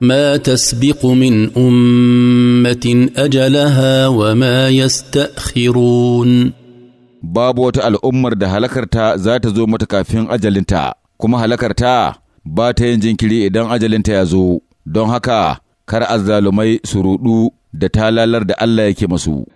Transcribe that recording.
ما تسبق من أمة أجلها وما يستأخرون babu wata al'ummar da halakarta za ta zo mata kafin ajalinta, kuma halakarta ba ta yin jinkiri idan ajalinta ya zo, don haka kar azzalumai su ruɗu da talalar da Allah yake masu.